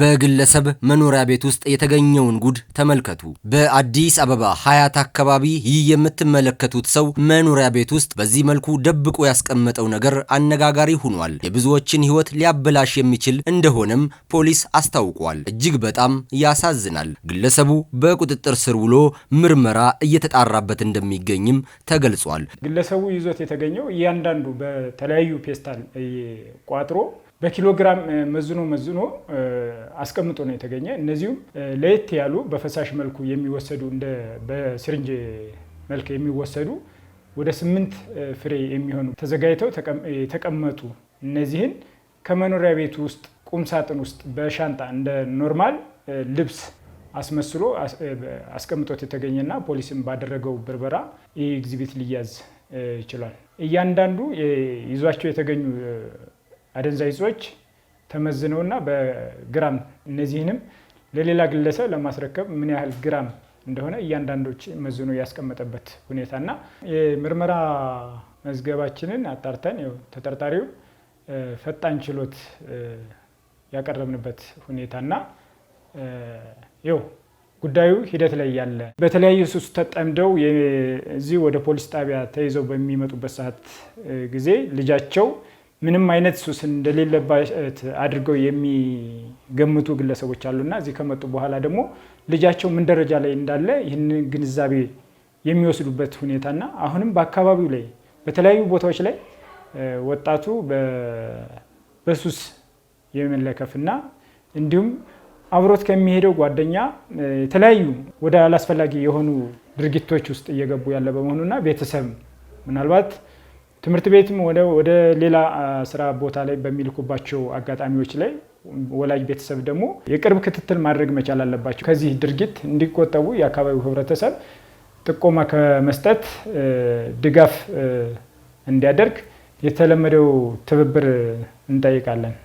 በግለሰብ መኖሪያ ቤት ውስጥ የተገኘውን ጉድ ተመልከቱ። በአዲስ አበባ ሀያት አካባቢ ይህ የምትመለከቱት ሰው መኖሪያ ቤት ውስጥ በዚህ መልኩ ደብቆ ያስቀመጠው ነገር አነጋጋሪ ሆኗል። የብዙዎችን ሕይወት ሊያበላሽ የሚችል እንደሆነም ፖሊስ አስታውቋል። እጅግ በጣም ያሳዝናል። ግለሰቡ በቁጥጥር ስር ውሎ ምርመራ እየተጣራበት እንደሚገኝም ተገልጿል። ግለሰቡ ይዞት የተገኘው እያንዳንዱ በተለያዩ ፔስታል ቋጥሮ በኪሎግራም መዝኖ መዝኖ አስቀምጦ ነው የተገኘ። እነዚሁም ለየት ያሉ በፈሳሽ መልኩ የሚወሰዱ እንደ መልክ የሚወሰዱ ወደ ስምንት ፍሬ የሚሆኑ ተዘጋጅተው የተቀመጡ እነዚህን ከመኖሪያ ቤቱ ውስጥ ቁም ሳጥን ውስጥ በሻንጣ እንደ ኖርማል ልብስ አስመስሎ አስቀምጦት የተገኘና ፖሊስም ባደረገው ብርበራ ይህ ኤግዚቢት ሊያዝ ችሏል። እያንዳንዱ ይዟቸው የተገኙ አደንዛዥ እጾች ተመዝነውና በግራም እነዚህንም ለሌላ ግለሰብ ለማስረከብ ምን ያህል ግራም እንደሆነ እያንዳንዶች መዝኖ ያስቀመጠበት ሁኔታና የምርመራ መዝገባችንን አጣርተን ተጠርጣሪው ፈጣን ችሎት ያቀረብንበት ሁኔታና ይኸው ጉዳዩ ሂደት ላይ ያለ በተለያዩ ሱስ ተጠምደው እዚህ ወደ ፖሊስ ጣቢያ ተይዘው በሚመጡበት ሰዓት ጊዜ ልጃቸው ምንም አይነት ሱስ እንደሌለባት አድርገው የሚገምቱ ግለሰቦች አሉና እዚህ ከመጡ በኋላ ደግሞ ልጃቸው ምን ደረጃ ላይ እንዳለ ይህንን ግንዛቤ የሚወስዱበት ሁኔታና አሁንም በአካባቢው ላይ በተለያዩ ቦታዎች ላይ ወጣቱ በሱስ የመለከፍና እንዲሁም አብሮት ከሚሄደው ጓደኛ የተለያዩ ወደ አላስፈላጊ የሆኑ ድርጊቶች ውስጥ እየገቡ ያለ በመሆኑና ቤተሰብ ምናልባት ትምህርት ቤትም ወደ ሌላ ስራ ቦታ ላይ በሚልኩባቸው አጋጣሚዎች ላይ ወላጅ ቤተሰብ ደግሞ የቅርብ ክትትል ማድረግ መቻል አለባቸው። ከዚህ ድርጊት እንዲቆጠቡ የአካባቢው ህብረተሰብ ጥቆማ ከመስጠት ድጋፍ እንዲያደርግ የተለመደው ትብብር እንጠይቃለን።